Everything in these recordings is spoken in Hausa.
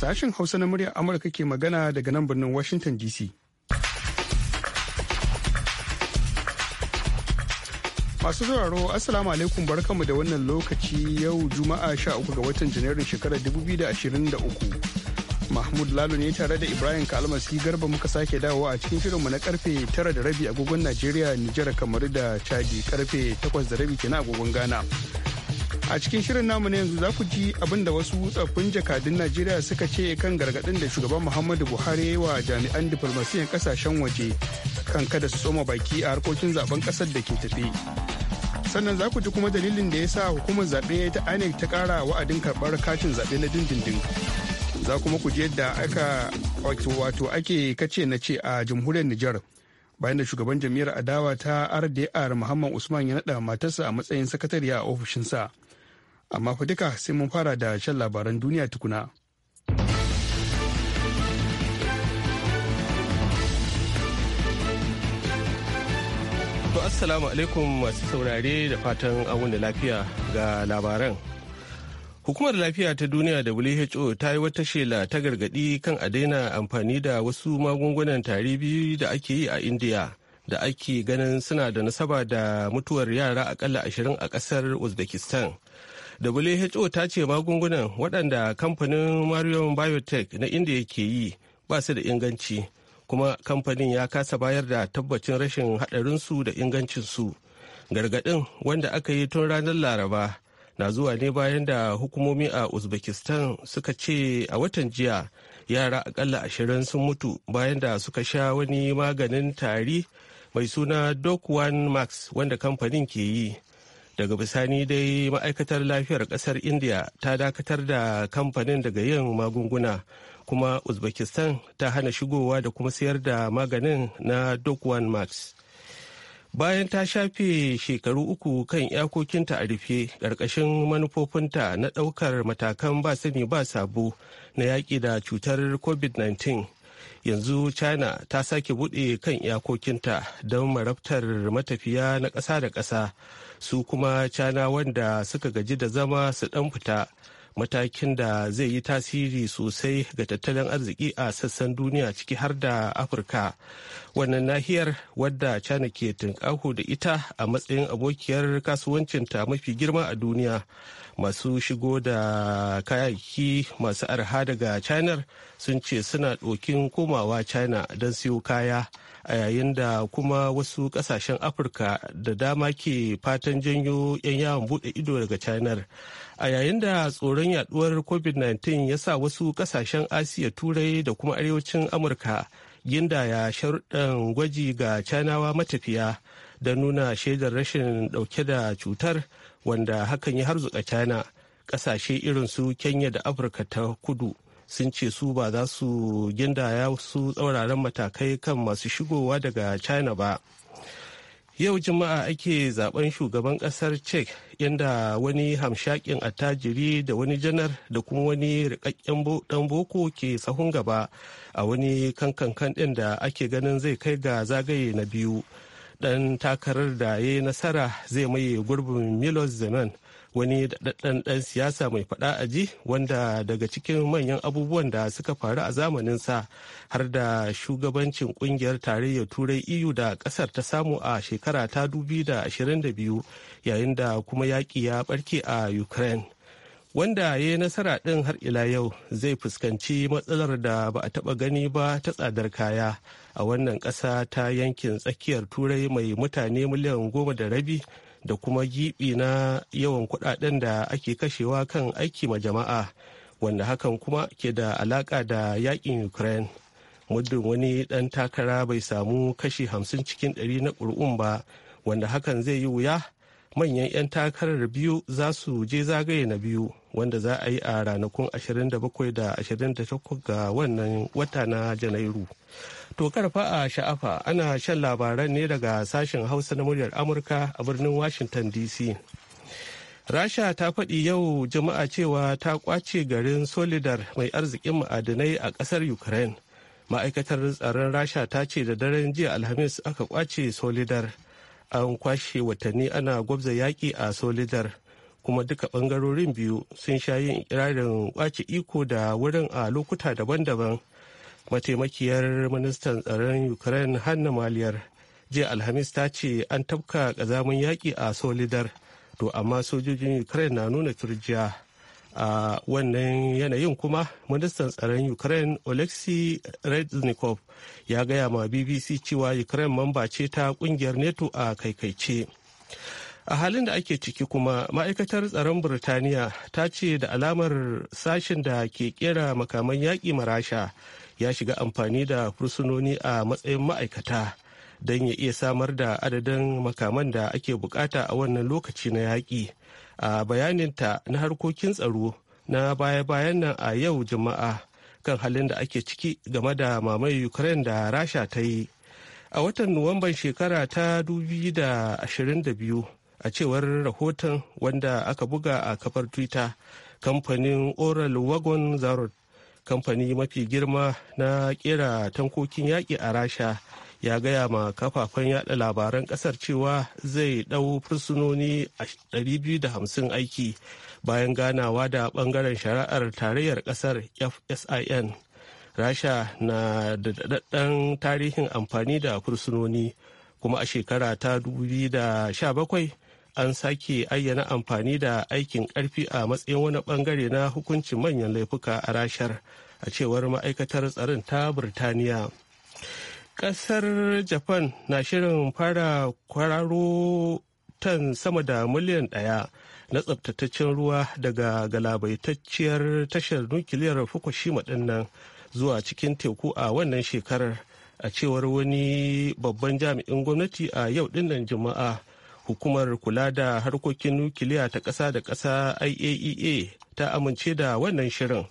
Sashen Hausa na muryar Amurka ke magana daga nan birnin Washington DC. Masu sauraro Assalamu alaikum barkamu da wannan lokaci yau Juma'a 13 ga watan Janairun shekarar 2023. Mahmud Lalo ne tare da Ibrahim Kalmasi Garba muka sake dawowa a cikin shirinmu na karfe 9 da rabi agogon Najeriya, Nijar, kamar da Chadi karfe 8 da rabi kenan agogon Ghana. a cikin shirin namu na yanzu za ku ji abin da wasu tsaffin jakadun najeriya suka ce kan gargadin da shugaban muhammadu buhari wa jami'an diflomasiyan kasashen waje kan kada su tsoma baki a harkokin zaben kasar da ke tafe sannan za ku ji kuma dalilin da ya sa hukumar zaɓe ta inec ta ƙara wa'adin karɓar katin zaɓe na dindindin za kuma ku ji yadda aka wato ake kace na ce a jamhuriyar nijar bayan da shugaban jam'iyyar adawa ta rdr muhammad usman ya naɗa matarsa a matsayin sakatariya a ofishinsa amma fa duka sai mun fara da shan labaran duniya tukuna. To assalamu alaikum masu saurare da fatan da lafiya ga labaran. Hukumar lafiya ta duniya WHO ta yi wata shela ta gargadi kan a daina amfani da wasu magungunan tari biyu da ake yi a India da ake ganin suna da nasaba da mutuwar yara akalla ashirin a kasar Uzbekistan. WHO ta ce magungunan waɗanda kamfanin Marion Biotech na India ke yi ba su da inganci kuma kamfanin ya kasa bayar da tabbacin rashin haɗarinsu da ingancinsu. Gargaɗin wanda aka yi tun ranar Laraba na zuwa ne bayan da hukumomi a Uzbekistan suka ce a watan jiya yara akalla ashirin sun mutu bayan da suka sha wani maganin tari mai suna Dokwan Max wanda kamfanin ke yi. daga bisani dai ma'aikatar lafiyar kasar india ta dakatar da kamfanin daga yin magunguna kuma uzbekistan ta hana shigowa da kuma sayar da maganin na dokwan max bayan ta shafe shekaru uku kan iyakokinta a rufe ƙarƙashin manufofinta na ɗaukar matakan ba sani ba sabo na yaƙi da cutar covid-19 yanzu china ta sake buɗe kan iyakokinta don marabtar matafiya na ƙasa da ƙasa su kuma cana wanda suka gaji da zama su dan fita matakin da zai yi tasiri sosai ga tattalin arziki a sassan duniya ciki har da afirka wannan nahiyar wadda china ke tunkaho da ita a matsayin abokiyar kasuwancinta mafi girma a duniya masu shigo da kayayyaki masu arha daga china sun ce suna ɗokin komawa china don siyo kaya a yayin da kuma wasu kasashen afirka da dama ke fatan janyo 'yan yawon bude ido daga china a yayin da tsoron yaduwar covid-19 ya sa wasu kasashen asiya turai da kuma arewacin amurka ginda ya sharuɗan gwaji ga canawa matafiya da nuna shaidar rashin ɗauke da cutar wanda hakan ya harzuka China, ƙasashe irin su kenya da afirka ta kudu sun ce su ba za su gindaya su tsauraran matakai kan masu shigowa daga china ba yau juma'a ake zaben shugaban kasar czech inda wani hamshakin attajiri da wani janar da kuma wani rikakken dan boko ke sahun gaba a wani kankan din da ake ganin zai kai ga zagaye na biyu dan takarar da ya yi nasara zai maye gurbin milos zeman wani daɗaɗɗen ɗan siyasa mai faɗa a ji wanda daga cikin manyan abubuwan da suka faru a zamaninsa har da shugabancin ƙungiyar tarayyar turai iyu e da ƙasar ta samu a shekara ta biyu yayin da kuma yaƙi ya ɓarke a ukraine wanda ya yi nasara ɗin har ila yau zai fuskanci matsalar da ba a taɓa gani ba ta tsadar kaya a wannan ƙasa ta yankin tsakiyar turai mai mutane miliyan goma da rabi da kuma gibi na yawan kudaden da ake kashewa kan aiki ma jama'a wanda hakan kuma ke da alaka da yakin ukraine muddin wani dan takara bai samu kashi hamsin cikin ɗari na ƙuri'un ba wanda hakan zai yi wuya manyan 'yan takarar biyu za su je zagaye na biyu wanda za a yi a ranakun 27 da 28 ga wannan wata na janairu To karfa a sha'afa ana shan labaran ne daga sashen Hausa na muryar Amurka a birnin Washington DC. Rasha ta faɗi yau jama'a cewa ta kwace garin Solidar mai arzikin ma'adinai a ƙasar Ukraine. Ma'aikatar tsaron Rasha ta ce da daren jiya Alhamis aka kwace Solidar. An kwashe watanni ana gwabza yaƙi a Solidar. kuma duka ɓangarorin biyu sun sha yin ikirarin kwace iko da wurin a lokuta daban-daban mataimakiyar ministan tsaron ukraine hanna maliyar jiya alhamis ta ce an tafka kazamin yaƙi a solidar to amma sojojin ukraine na nuna turjiya a wannan yanayin kuma ministan tsaron ukraine oleksiy reznikov ya gaya ma bbc cewa ukraine mamba ce ta kungiyar neto a kaikaice a halin da ake ciki kuma ma'aikatar tsaron birtaniya ta ce da alamar sashen da ke kera makaman yaƙi marasha ya shiga amfani da fursunoni a matsayin ma'aikata don ya iya samar da adadin makaman da ake bukata a wannan lokaci na yaƙi a bayaninta na harkokin tsaro na baya-bayan nan a yau juma'a kan halin da ake ciki game da mamaye ukraine da rasha ta yi a watan nuwamban shekara ta 2022 a cewar rahoton wanda aka buga a kafar twitter kamfanin oral wagon zarot kamfani mafi girma na kera tankokin yaƙi a rasha ya gaya ma kafafen yada labaran kasar cewa zai ɗau fursunoni a 250 aiki bayan ganawa da ɓangaren shari'ar tarayyar ƙasar fsin rasha na da daɗaɗɗen tarihin amfani da fursunoni kuma a shekara ta 2017 an sake ayyana amfani da aikin ƙarfi a matsayin wani bangare na hukuncin manyan laifuka a rashar a cewar ma'aikatar tsarin ta birtaniya. ƙasar japan na shirin fara kwararo tan sama da miliyan ɗaya na tsabtataccen ruwa daga galabaitacciyar tashar nukiliyar fukushima dinnan zuwa cikin teku a wannan shekarar a cewar wani babban jami'in gwamnati a yau dinnan juma'a hukumar kula da harkokin nukiliya ta ƙasa da ƙasa iaea e ta amince da wannan shirin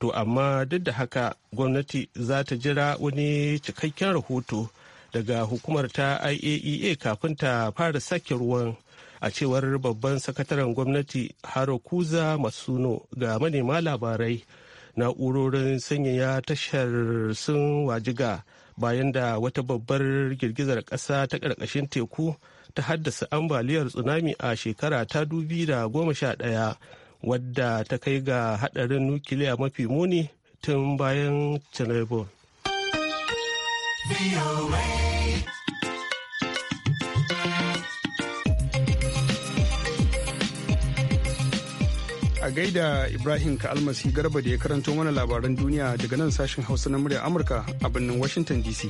to amma duk da haka gwamnati za ta jira wani cikakken rahoto daga hukumar ta iaea e kafin ta fara sake ruwan a cewar babban sakataren gwamnati harokuza masuno ga manema labarai na'urorin sanyaya tashar sun wajiga bayan da wata babbar girgizar ƙasa ta ƙarƙashin teku ta haddasa ambaliyar tsunami a shekara ta dubi da goma sha ɗaya wadda ta kai ga hadarin nukiliya mafi muni tun bayan chernobyl. a gaida ibrahim almasi garba da ya karanto mana labaran duniya daga nan sashen hausa na murya amurka a birnin washington dc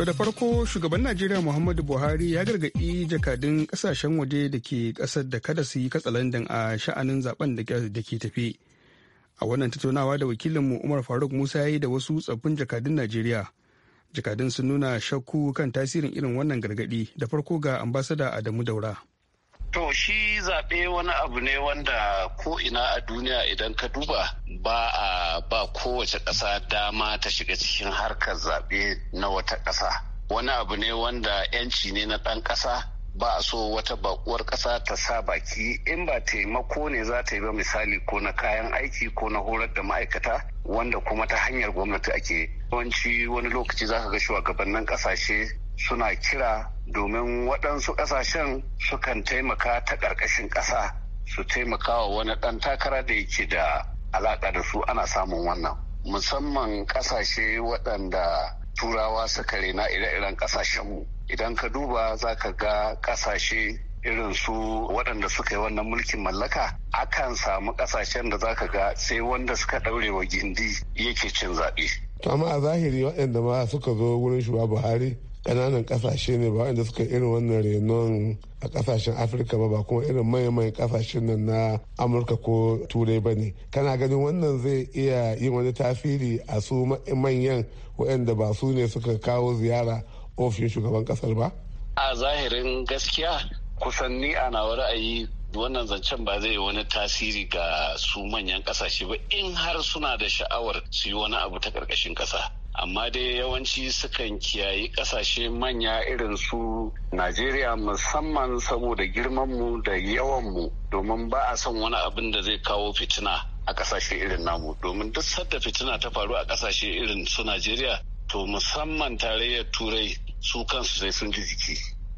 To da farko shugaban Najeriya Muhammadu Buhari ya gargaɗi jakadun ƙasashen waje da ke ƙasar da kada su yi katsalandan a sha'anin zaben da ke tafi. A wannan tattaunawa da wakilinmu Umar Faruk Musa ya yi da wasu tsaffin jakadun Najeriya. Jakadun sun nuna shakku kan tasirin irin wannan gargaɗi da farko ga ambasada Adamu Daura. To shi zaɓe wani abu ne wanda ko ina a duniya idan ka duba ba a ba kowace ƙasa dama ta shiga cikin harkar zaɓe na wata ƙasa. Wani abu ne wanda 'yanci ne na ɗan ƙasa ba a so wata baƙuwar ƙasa ta sa baki in ba taimako ne za ta yi ba misali ko na kayan aiki ko na horar da ma'aikata wanda kuma ta hanyar gwamnati ake yawanci wani lokaci za ka ga shugabannin ƙasashe suna kira domin waɗansu ƙasashen sukan taimaka ta ƙarƙashin ƙasa su taimaka wa wani ɗan takara da yake da alaƙa da su ana samun wannan musamman ƙasashe waɗanda turawa suka rena ire-iren ƙasashenmu idan ka duba za ka ga ƙasashe irin su waɗanda suka yi wannan mulkin mallaka akan samu ƙasashen da za ka ga sai wanda suka ɗaure wa gindi yake cin zaɓe. To amma a zahiri waɗanda ma suka zo wurin shugaba buhari kananan kasashe ne ba wanda suka irin wannan renon a kasashen afirka ba ba kuma irin manyan kasashen nan na amurka ko turai ba ne kana ganin wannan zai iya yin wani tasiri a su manyan waɗanda ba su ne suka kawo ziyara ofishin shugaban kasar ba a zahirin gaskiya kusanni a nawa ra'ayi wannan zancen ba zai yi wani tasiri ga su manyan kasashe ba in har suna da sha'awar su yi wani abu ta karkashin kasa amma dai yawanci sukan kiyayi kasashe manya irin su najeriya musamman saboda girmanmu da yawanmu domin ba a son wani abin da zai kawo fitina a kasashe irin namu domin duk sadda fitina ta faru a kasashe irin su najeriya to musamman tarayyar turai su kansu sai sun ji jiki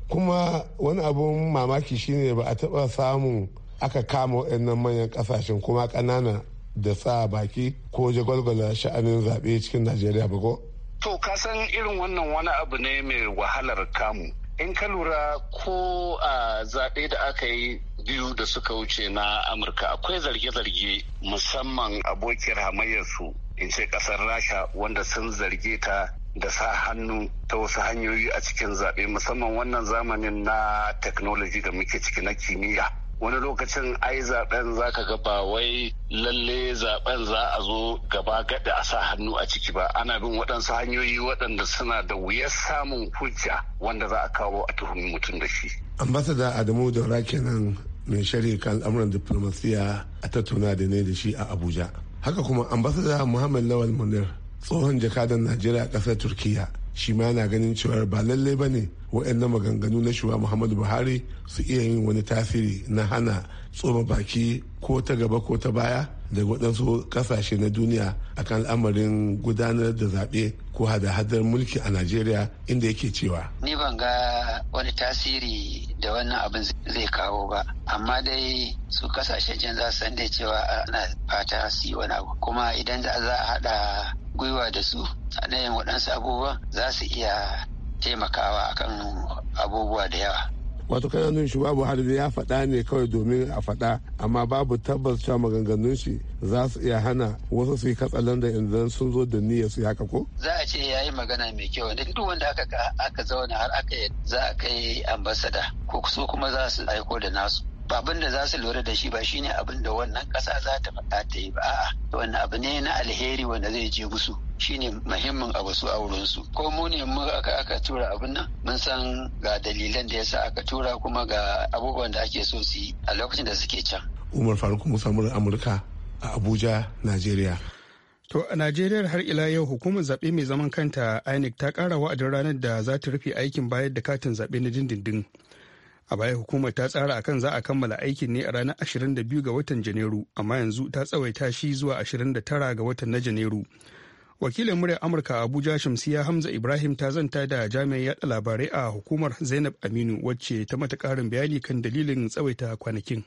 kuma wani abun mamaki shine ba a taba samun aka kama waɗannan manyan kasashen kuma ƙanana da sa baki ko jagwalgwala sha'anin zaɓe cikin najeriya ba ko to ka san irin wannan wani abu ne mai wahalar kamu in ka lura ko a zaɓe da aka yi biyu da suka wuce na amurka akwai zarge-zarge musamman abokiyar hamayyarsu in ce ƙasar rasha wanda sun zarge ta da sa hannu ta wasu hanyoyi a cikin zaɓe musamman wannan zamanin na technology da muke ciki na kimiyya wani lokacin ai zaben zaka ga ba wai lalle zaben za a zo gaba gaɗa a sa hannu a ciki ba ana bin waɗansu hanyoyi waɗanda suna da wuyar samun hujja wanda za a kawo a tuhumi mutum da shi. ambasada adamu daura kenan mai shari'a kan al'amuran diplomasiya a tattauna da ne da shi a abuja haka kuma ambasada muhammad lawal munir tsohon jakadan najeriya a ƙasar turkiya shi ma yana ganin cewa ba lallai ba ne waɗannan maganganu na shugaba muhammadu buhari su iya yin wani tasiri na hana tsoma baki ko ta gaba ko ta baya daga waɗansu ƙasashe na duniya akan al'amarin gudanar da zaɓe ko hada-hadar mulki a najeriya inda yake cewa ni ban ga wani tasiri da wannan abin zai kawo ba amma dai su ƙasashen jan za su san da cewa ana fata su yi wani abu kuma idan za a haɗa gwiwa da su a ɗayan waɗansu abubuwa za su iya taimakawa akan abubuwa da yawa. wato kana nuna shi babu harbi ya faɗa ne kawai domin a faɗa amma babu tabbas cewa maganganun shi za su iya hana wasu su yi katsalan da idan sun zo da niyyar su haka ko za a ce ya yi magana mai kyau da duk wanda aka aka zauna har aka za a kai ambasada ko su kuma za su aiko da nasu abin da za su lura da shi ba shine abin da wannan ƙasa za ta faɗa ta yi ba a'a wani abu ne na alheri wanda zai je musu shine muhimmin abu su a wurinsu ko mu ne mu aka tura abin nan mun san ga dalilan da yasa aka tura kuma ga abubuwan da ake so su yi a lokacin da suke can umar faruk musa amurka a abuja najeriya To a Najeriya har ila yau hukumar zaɓe mai zaman kanta INEC ta ƙara wa'adin ranar da za ta rufe aikin bayar da katin zaɓe na dindindin. a baya hukumar ta tsara akan za a kammala aikin ne a ranar 22 ga watan janairu amma yanzu ta tsawaita shi zuwa 29 ga watan na janairu wakilin muryar amurka abuja shamsiya hamza ibrahim ta zanta da jami'ai yada labarai a hukumar zainab aminu wacce ta mata karin bayani kan dalilin tsawaita kwanakin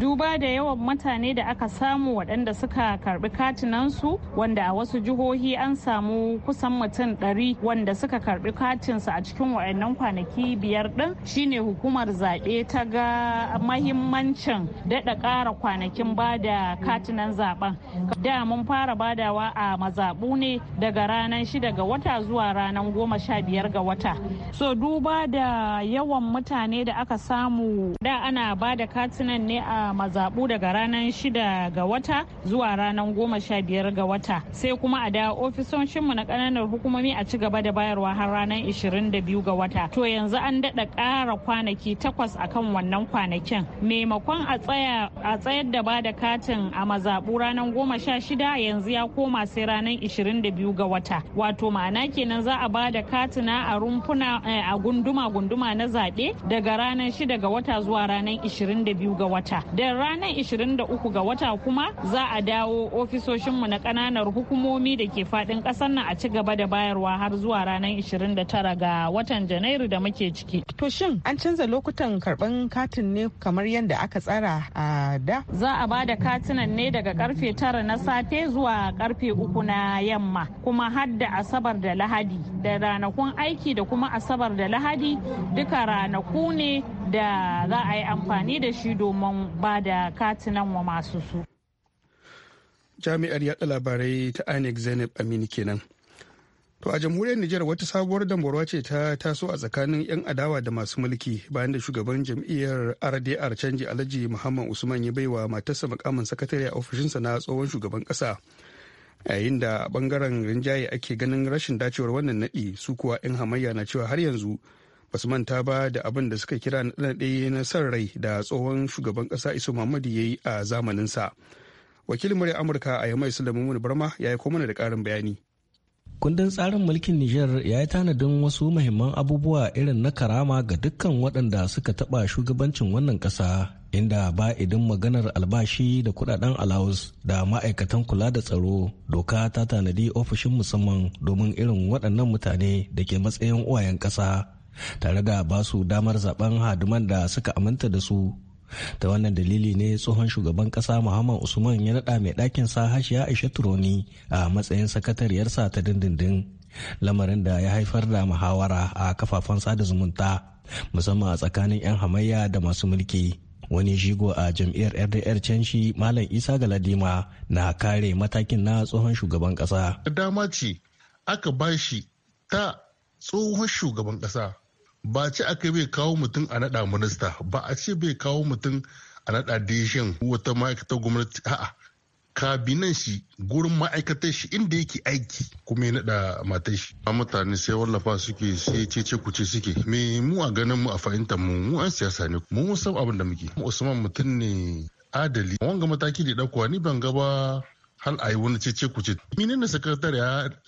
duba da yawan mutane da aka samu waɗanda suka karbi katinansu wanda a wasu jihohi an samu kusan mutum ɗari wanda suka karbi katinsu a cikin waɗannan kwanaki biyar ɗin shine hukumar zaɓe ta ga mahimmancin daɗa ƙara kwanakin ba da katinan zaɓen da mun fara badawa a mazaɓu ne daga ranar shida ga wata zuwa ranar goma sha biyar ga wata so duba da yawan mutane da aka samu da ana ba da katinan ne a mazabu mazaɓu daga ranar shida ga wata zuwa ranar goma sha biyar ga wata sai kuma a da ofisoshinmu na ƙananan hukumomi a ci gaba da bayarwa har ranar ishirin da biyu ga wata to yanzu an daɗa ƙara kwanaki takwas a kan wannan kwanakin maimakon a tsayar da ba da katin a mazaɓu ranar goma sha shida yanzu ya koma sai ranar ishirin da biyu ga wata wato ma'ana kenan za a ba da katina a rumfuna eh, a gunduma gunduma na zaɓe daga ranar shida ga wata zuwa ranar ishirin da biyu ga wata da ranar 23 ga wata kuma za a dawo ofisoshinmu na kananar hukumomi da ke fadin kasar nan a ci gaba da bayarwa har zuwa ranar 29 ga watan janairu da muke ciki to shin an canza lokutan karban katin ne kamar yadda aka tsara a da za a ba da katinan ne daga karfe 9 na safe zuwa karfe 3 na yamma kuma har da asabar da lahadi da ranakun aiki da kuma asabar da lahadi duka ranaku ne da za a yi amfani da shi domin ba da katinan wa masu su. Jami'ar yaɗa labarai ta INEC Zainab Aminu kenan. To a jamhuriyar Nijar wata sabuwar dambarwa ce ta taso a tsakanin 'yan adawa da masu mulki bayan da shugaban jam'iyyar RDR canji Alhaji Muhammad Usman ya baiwa matarsa makamin sakatare a ofishinsa na tsohon shugaban kasa. Yayin da bangaren rinjaye ake ganin rashin dacewar wannan naɗi su kuwa 'yan hamayya na cewa har yanzu basu manta ba da abin da suka kira ɗaya na san rai da tsohon shugaban ƙasa iso muhammadu ya yi a zamaninsa wakilin murya amurka a yamai sulaiman barma ya yi mana da ƙarin bayani kundin tsarin mulkin niger ya yi tanadin wasu muhimman abubuwa irin na karama ga dukkan waɗanda suka taɓa shugabancin wannan ƙasa inda ba idan maganar albashi da kudaden alawus da ma'aikatan kula da tsaro doka ta tanadi ofishin musamman domin irin waɗannan mutane da ke matsayin uwayen ƙasa tare da ba su damar zaben haduman da suka aminta da su ta wannan dalili ne tsohon shugaban kasa muhammad usman ya naɗa mai ɗakin sa hashiya aisha turoni a matsayin sakatariyarsa ta dindindin lamarin da ya haifar da muhawara a kafafen sada zumunta musamman a tsakanin 'yan hamayya da masu mulki wani shigo a jam'iyyar rdr canshi malam isa galadima na kare matakin na tsohon shugaban kasa dama ce aka bashi ta tsohon shugaban kasa ba ce aka bai kawo mutum a naɗa minista ba a ce bai kawo mutum a naɗa dishin wata ma'aikatar gwamnati a'a kabinan shi gurin ma'aikatar shi inda yake aiki kuma ya nada matar shi a mutane sai wallafa suke sai cece kuce suke me mu a ganin mu a fahimtar mu mu an siyasa ne mu san abin da muke usman mutum ne adali wanga mataki da ɗaukowa ni ban gaba hal ayi wani cece kuce ne sakatare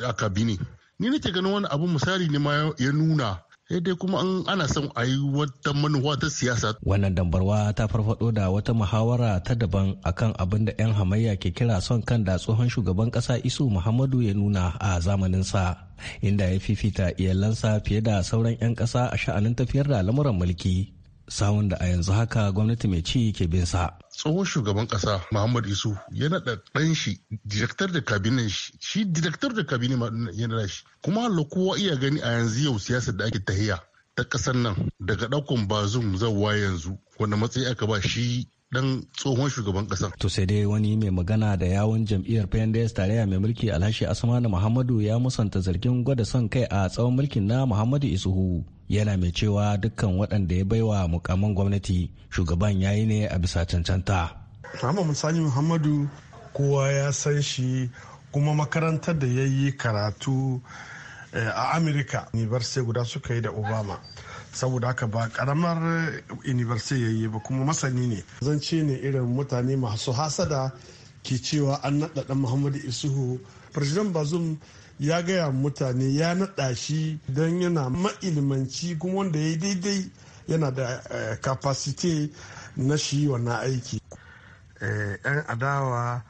a kabini ni nake ganin wani abu misali ne ma ya nuna sai dai kuma an ana son a yi wata manuwa ta siyasa. Wannan dambarwa ta farfado da wata muhawara ta daban akan abin da 'yan hamayya ke kira son kan da tsohon shugaban kasa Isu Muhammadu ya nuna a zamaninsa. Inda ya fifita iyalansa fiye da sauran 'yan kasa a sha'anin tafiyar da lamuran mulki. sawun da a yanzu haka gwamnati mai ci ke bin sa. tsohon shugaban kasa muhammad isu ya naɗa ɗan shi direktar da kabinin shi shi direktar da kabinin yana da shi kuma Allah kowa iya gani a yanzu yau siyasar da ake tahiya ta ƙasar nan daga ɗaukun bazum zawa yanzu wanda matsayi aka ba shi dan tsohon shugaban ƙasa To sai dai wani mai magana da yawon jam'iyyar PNDS tarayya mai mulki Alhashi Asmanu Muhammadu ya musanta zargin gwada son kai a tsawon mulkin na Muhammadu Isuhu. yana mai cewa dukkan waɗanda ya baiwa mukamin gwamnati shugaban ya yi ne a bisa cancanta. Muhammad Musani Muhammadu kowa ya san shi kuma makarantar da ya yi karatu eh, a Amerika. University guda suka yi da Obama. saboda haka ba karamar eh, university ya yi ba kuma masani ne zan ne irin mutane masu hasada ke cewa an naɗa ɗan muhammadu isuhu president bazum ya gaya mutane ya naɗa shi don yana ma'ilmanci kuma wanda ya daidai yana da kapasite eh, na shi wannan aiki. Eh, 'yan adawa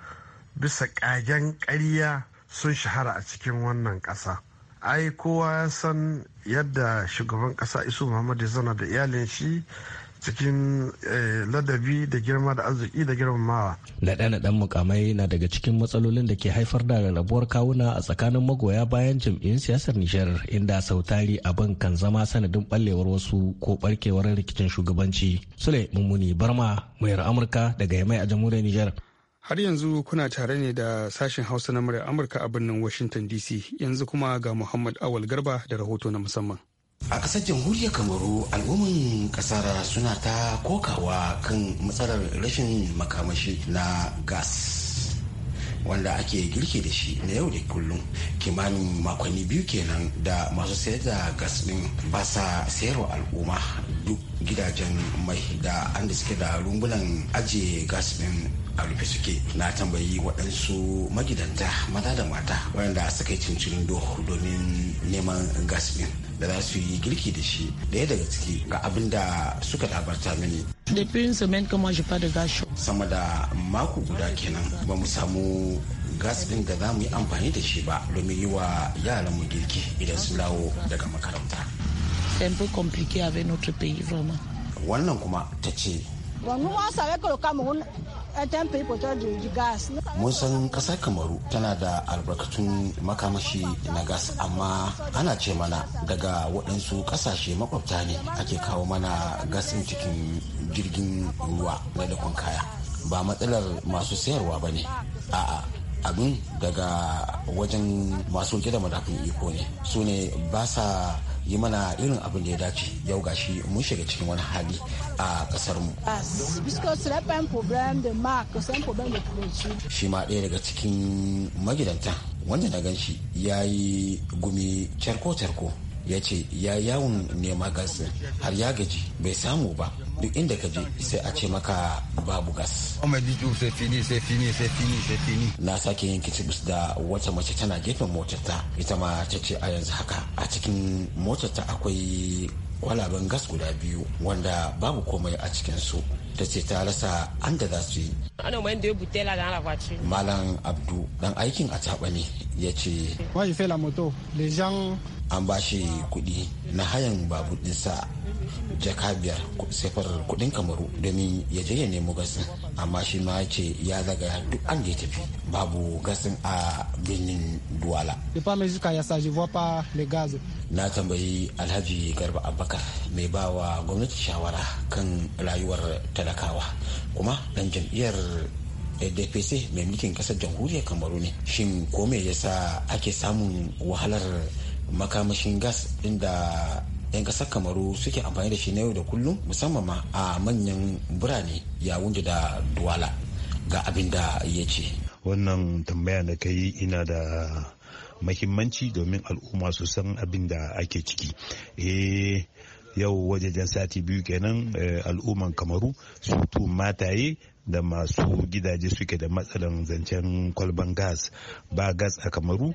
bisa ƙagen ƙarya sun shahara a cikin wannan ƙasa. ai kowa ya san yadda shugaban ƙasa isu muhammadu zana da iyalin shi cikin eh, ladabi da girma da arziki da girmamawa. Naɗe-naɗen mukamai na daga cikin matsalolin da ke haifar da rarrabuwar kawuna a tsakanin magoya bayan jam'iyyun siyasar Nijar inda sautari abin kan zama sanadin ɓallewar wasu ko ɓarkewar rikicin shugabanci. Sule Mummuni Barma, mayar Amurka daga Yamai a jamhuriyar Nijar. Har yanzu kuna tare ne da sashen Hausa na muryar Amurka a birnin Washington DC yanzu kuma ga Muhammad Awal Garba da rahoto na musamman. a kasar jamhuriyar kamaru al'umman kasar suna ta kokawa kan matsalar rashin makamashi na gas wanda ake girki da shi na yau da kullum kimanin makonni biyu kenan da masu sayar da gas din ba sa sayarwa al'umma duk gidajen mai da an da suke da rumbunan ajiye gas din a rufe suke na tambayi waɗansu magidanta maza da mata waɗanda suka yi cincirin domin neman gas din da za su yi girki da shi daya daga ciki ga abin da suka labarta mini sama da mako guda kenan ba mu samu gas din da za mu yi amfani da shi ba domin yi wa yaran mu girki idan sun dawo daga makaranta wannan kuma ta ce Mun san ƙasar Kamaru tana da albarkatun makamashi na gas amma ana ce mana daga waɗansu ƙasashe makwabta ne ake kawo mana gasin cikin jirgin ruwa na da kaya. Ba matsalar masu sayarwa ba ne. A'a abin daga wajen masu da madafin iko ne. Su ne ba sa yi mana irin abin da ya dace yau gashi mun shiga cikin wani hali a kasar mu shi ma ɗaya daga cikin magidanta wanda na gan shi ya yi gumi charko-charko ya ce ya yawon nema gas har ya gaji bai samu ba duk inda ka je sai a ce maka babu gas. Na sake yin kicibis da wata mace tana gefen motarta ita ma ta ce a yanzu haka a cikin motarta akwai kwalaben gas guda biyu wanda babu komai a cikinsu ta ce ta rasa an da za su yi. Malam Abdu dan aikin a taɓa ne ya ce. an ba shi kuɗi na hayan babu ɗinsa jaka biyar sefar kuɗin kamaru domin ya je ya nemo gasin amma shi ma ce ya zaga duk an je tafi babu gasin a birnin duwala na tambayi alhaji garba abubakar mai ba wa gwamnati shawara kan rayuwar talakawa kuma dan jam'iyyar dpc mai mulkin kasar jamhuriyar kamaru ne shin ko me yasa ake samun wahalar makamashin gas inda 'yan kasar kamaru suke amfani da shi na yau da kullum musamman ma a manyan birane ya wunje da duwala ga abin da ya ce wannan tambaya da ka yi ina da mahimmanci domin al'umma su san abin da ake ciki eh yau wajajen sati biyu kenan eh, al'umman kamaru su tu mataye da masu gidaje suke da matsalan zancen kwalban gas ba gas a kamaru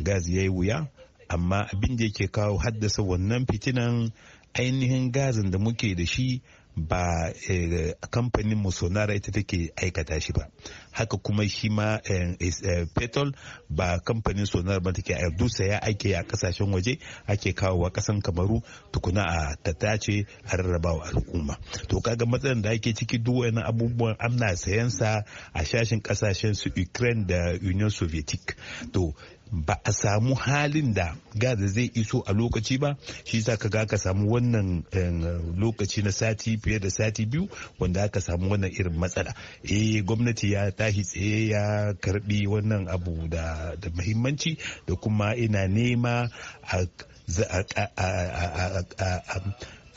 gas ya yi wuya amma abin da yake kawo haddasa wannan fitinan ainihin gazin da muke da shi ba eh, kamfanin musonara ita take aikata shi ba haka kuma shi ma eh, eh, petrol ba kamfanin sonar ba take dusa ya ake a kasashen waje ake kawo kawowa kasan kamaru tukuna a tattace a rarraba rarrabawa al'umma to kaga matsalar da ake ciki duk wani abubuwan amna sayansa a shashin kasashen su ukraine da union soviet to ba a samu halin da gaza zai iso a lokaci ba shi sa ka ga ka samu wannan eh, lokaci na sati fiye da sati biyu wanda aka samu wannan irin matsala eh gwamnati ya tashi tsaye ya karbi wannan abu da muhimmanci da kuma ina nema a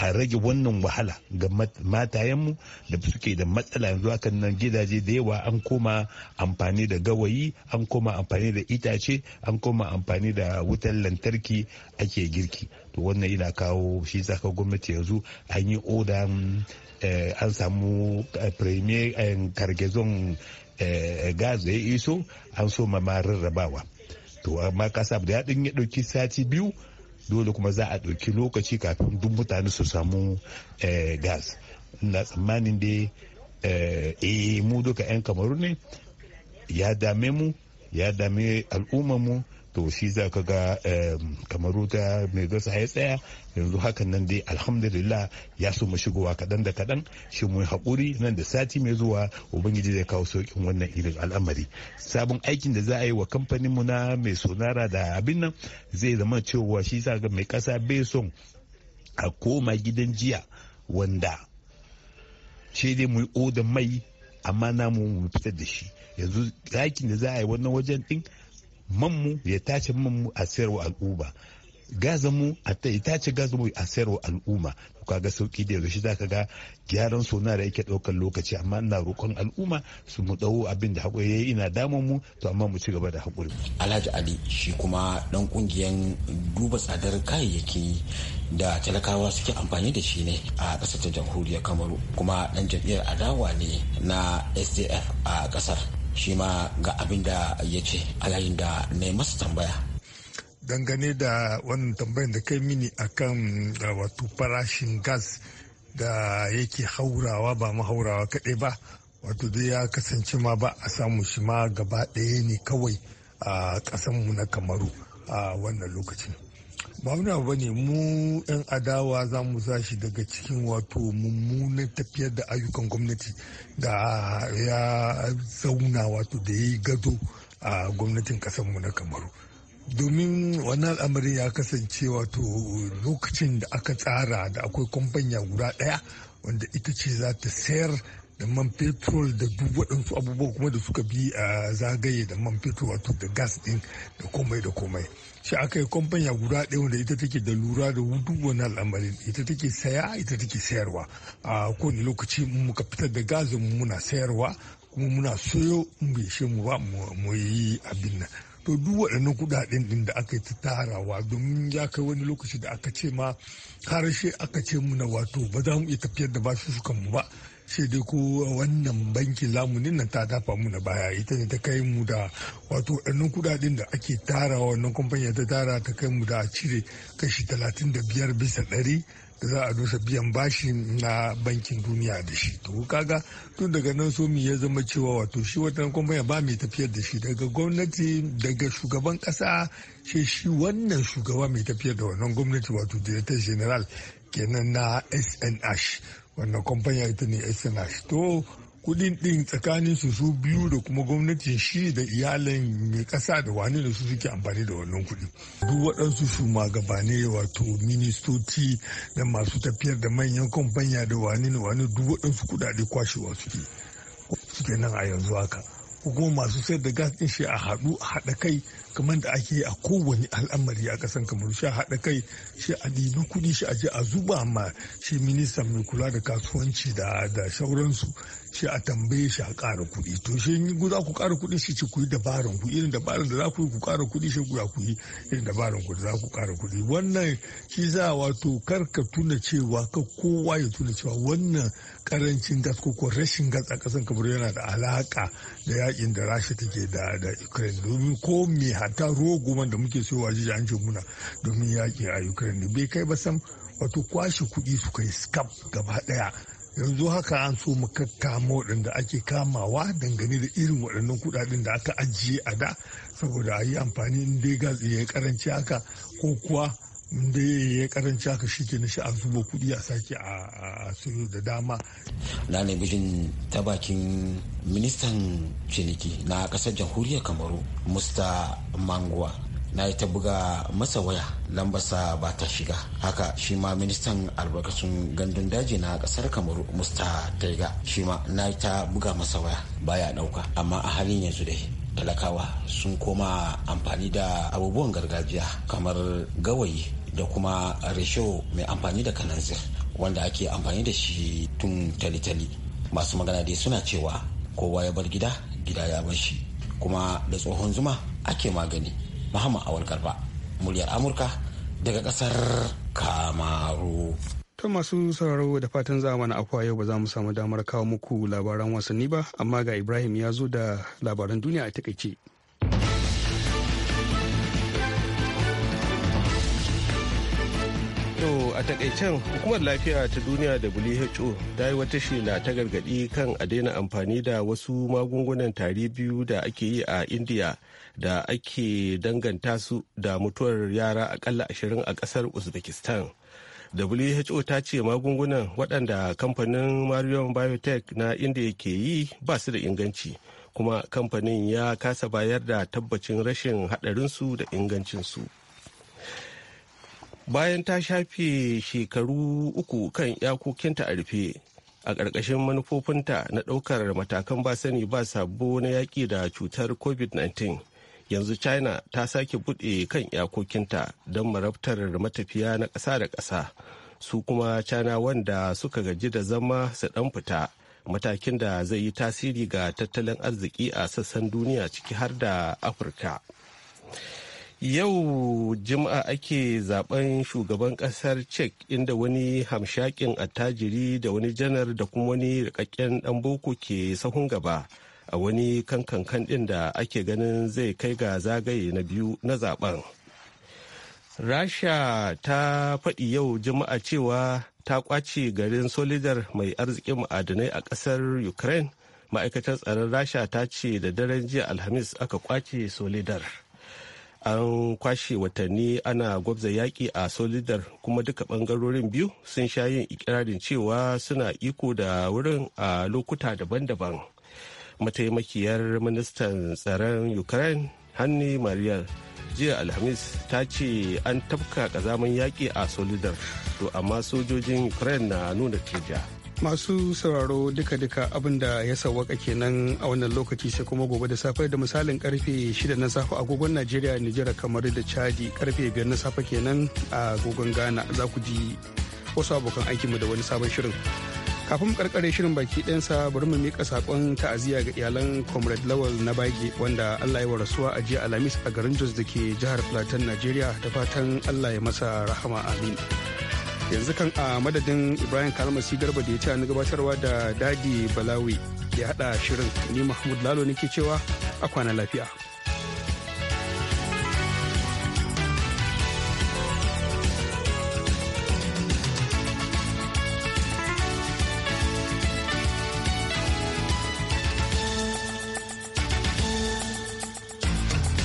a rage wannan wahala ga matayenmu da suke da matsala yanzu hakan nan gidaje da yawa an koma amfani da gawayi an koma amfani da itace an koma amfani da wutar lantarki ake girki to wannan yana kawo shi zaka gwamnati yanzu an yi oda eh, an samu eh, premier kargezon eh, gas da ya iso an so ma rarrabawa to amma kasa da ya ɗauki sati biyu dole kuma za a ɗauki lokaci kafin duk mutane su samu eh, gas na tsammanin da eh, eh mu duka 'yan kamaru ne ya dame mu ya dame al'ummarmu to shi za ka ga kamaru ta mai gasa ya tsaya yanzu hakan nan dai alhamdulillah ya so mu shigowa kaɗan da kadan shi mu haƙuri nan da sati mai zuwa ubangiji zai kawo sauƙin wannan irin al'amari sabon aikin da za a yi wa kamfanin mu na mai sonara da abin nan zai zama cewa shi za ga mai ƙasa bai son a koma gidan jiya wanda shi dai mu yi odan mai amma namu mu fitar da shi yanzu aikin da za a yi wannan wajen din manmu ya tace manmu a sayarwa al'umma gazanmu a ta tace gazanmu a sayarwa al'umma kaga sauki da yaushe ka ga gyaran sona da yake daukan lokaci amma ina roƙon al'umma su mu dawo abin da hakuri yayi ina damun mu to amma mu ci gaba da haƙuri. Alhaji Ali shi kuma dan kungiyan duba tsadar kayayyaki da talakawa suke amfani da shi ne a ƙasar ta jamhuriyar Kamaru kuma dan jam'iyyar adawa ne na SDF a ƙasar shi ma ga abin da ya ce alayin da na yi masa tambaya dangane da wannan tambayan da kai mini a kan wato farashin gas da yake haurawa ba haurawa kaɗai ba wato dai ya kasance ma ba a samu shi ma gaba ɗaya ne kawai a ƙasanmu na kamaru a wannan lokacin ba wani ne mu 'yan adawa za mu sa shi daga cikin wato mummunan tafiyar da ayyukan gwamnati da ya zauna wato da ya yi gado a gwamnatin mu na kamaru domin wannan al'amarin ya kasance wato lokacin da aka tsara da akwai kwamfanya guda ɗaya wanda ita ce za ta sayar da man fetur da duk waɗansu abubuwa kuma da suka bi a zagaye da man fetur wato da gas ɗin da komai da komai sai aka yi kwamfanya guda ɗaya wanda ita take da lura da duk wani al'amarin ita take saya ita take sayarwa a kowane lokaci muka fitar da gazin muna sayarwa kuma muna soyo in bai mu ba mu yi abin nan to duk waɗannan kuɗaɗen ɗin da aka yi ta tarawa domin ya kai wani lokaci da aka ce ma har aka ce muna wato ba za mu iya tafiyar da basussukan mu ba sai dai ko wannan bankin lamunin nan ta dafa mu na baya ita ne ta kai mu da wato waɗannan kudaden da ake tara wannan kamfani ta tara ta kai mu da a cire kashi talatin da biyar bisa ɗari da za a dosa biyan bashi na bankin duniya da shi to kaga tun daga nan so ya zama cewa wato shi wata kwamfani ba mai tafiyar da shi daga gwamnati daga shugaban kasa shi shi wannan shugaba mai tafiyar da wannan gwamnati wato director general kenan na snh wannan kwamfanya ita ne snh to kudin din tsakanin su su biyu da kuma gwamnatin shi da iyalin mai kasa da wani da su suke amfani da wannan kudi duk waɗansu su magabane wato ministoci da masu tafiyar da manyan kwamfanya da wani da wani duk waɗansu kudade kwashewa suke suke nan a yanzu haka ko kuma masu sayar da gas din shi a haɗu a haɗa kai kamar da ake a kowane al'amari a kasan kamar shi haɗa kai shi a ɗibi kuɗi shi a je a zuba ma shi ministan mai kula da kasuwanci da da shauransu shi a tambaye shi a ƙara kuɗi to shi in za ku ƙara kuɗi shi ci ku yi dabaran ku irin dabarin da za ku yi ku ƙara kuɗi shi ku ya ku yi irin dabarin ku da za ku ƙara kuɗi wannan shi za wato kar ka tuna cewa ka kowa ya tuna cewa wannan karancin gas ko ko rashin gas a kasan kamar yana da alaƙa da yakin da rasha take da da ukraine domin ko me hatta rogo da muke sayowa jiji an muna domin yaƙi a ukraine bai kai ba sam wato kwashe kuɗi su kai scap gaba ɗaya yanzu haka an so mu kakkama waɗanda ake kamawa dangane da irin waɗannan kuɗaɗen da aka ajiye a da saboda a yi amfani in dai gatsi ya karanci haka ko kuwa da ya karanci haka shi ke nishi an zubo kuɗi a sake a sayo da dama. Na ne bijin ta bakin ministan ciniki na ƙasar jamhuriyar Kamaru, Musta Manguwa. Na yi ta buga masa waya lambasa ba ta shiga. Haka shi ma ministan albarkacin gandun daji na ƙasar Kamaru, Musta Taiga. Shi ma na yi ta buga masa waya baya ɗauka. Amma a halin yanzu dai talakawa sun koma amfani da abubuwan gargajiya kamar gawayi da kuma risho mai amfani da kananzir wanda ake amfani da shi tun talitali masu magana dai suna cewa kowa ya bar gida gida ya bar shi kuma da tsohon zuma ake magani muhammad awal garba muryar amurka daga kasar kamaru ta masu sauraro da fatan za a akwa yau ba za mu samu damar kawo muku labaran wasanni ba amma ga ibrahim ya zo da labaran duniya a takaice. To a takaicen hukumar lafiya ta duniya WHO ta yi wata shela ta gargadi kan a daina amfani da wasu magungunan tari biyu da ake yi a India da ake danganta su da mutuwar yara akalla ashirin a ƙasar Uzbekistan. WHO ta ce magungunan waɗanda kamfanin Marion Biotech na India ke yi ba su da inganci kuma kamfanin ya kasa bayar da tabbacin rashin haɗarinsu da ingancinsu. bayan ta shafe shekaru uku kan iyakokinta a rufe a ƙarƙashin manufofinta na ɗaukar matakan ba sani ba sabo na yaƙi da cutar covid-19 yanzu china ta sake buɗe kan iyakokinta don marabtar matafiya na ƙasa da ƙasa su kuma china wanda suka gaji da zama su ɗan fita matakin da zai yi tasiri ga tattalin arziki a sassan duniya ciki har da afirka Yau Juma'a ake zaben shugaban kasar Czech inda wani hamshakin attajiri da wani janar da kuma wani rikakken dan boko ke sahun gaba a wani kankan kan din da ake ganin zai kai ga zagaye na biyu na zaben. Rasha ta faɗi yau Juma'a cewa ta kwace garin Solidar mai arzikin ma'adanai a ƙasar Ukraine. Ma'aikatar tsaron Rasha ta ce da daren jiya Alhamis aka kwace Solidar. an kwashe watanni ana gwabza yaƙi a solidar kuma duka ɓangarorin biyu sun sha yin ikirarin cewa suna iko da wurin a lokuta daban-daban mataimakiyar ministan tsaron ukraine hanni jiya alhamis ta ce an tafka ƙazaman yaƙi a solidar to amma sojojin ukraine na nuna tirja. masu sauraro duka-duka abinda ya sawaka kenan a wannan lokaci sai kuma gobe da safe da misalin karfe 6 na safe agogon najeriya nijar kamar da chadi karfe 5 na safe kenan a agogon ghana za ku ji wasu abokan aikinmu da wani sabon shirin kafin karkare shirin baki ɗansa bari mu miƙa saƙon ta'aziyya ga iyalan comrade lawal na bage wanda allah ya wa rasuwa a jiya alhamis a garin jos da ke jihar plateau najeriya da fatan allah ya masa rahama amin yanzu kan a madadin ibrahim kalmasi garba da ya ce na gabatarwa da dadi balawi ya hada shirin ni mahmud lalo nake cewa a kwana lafiya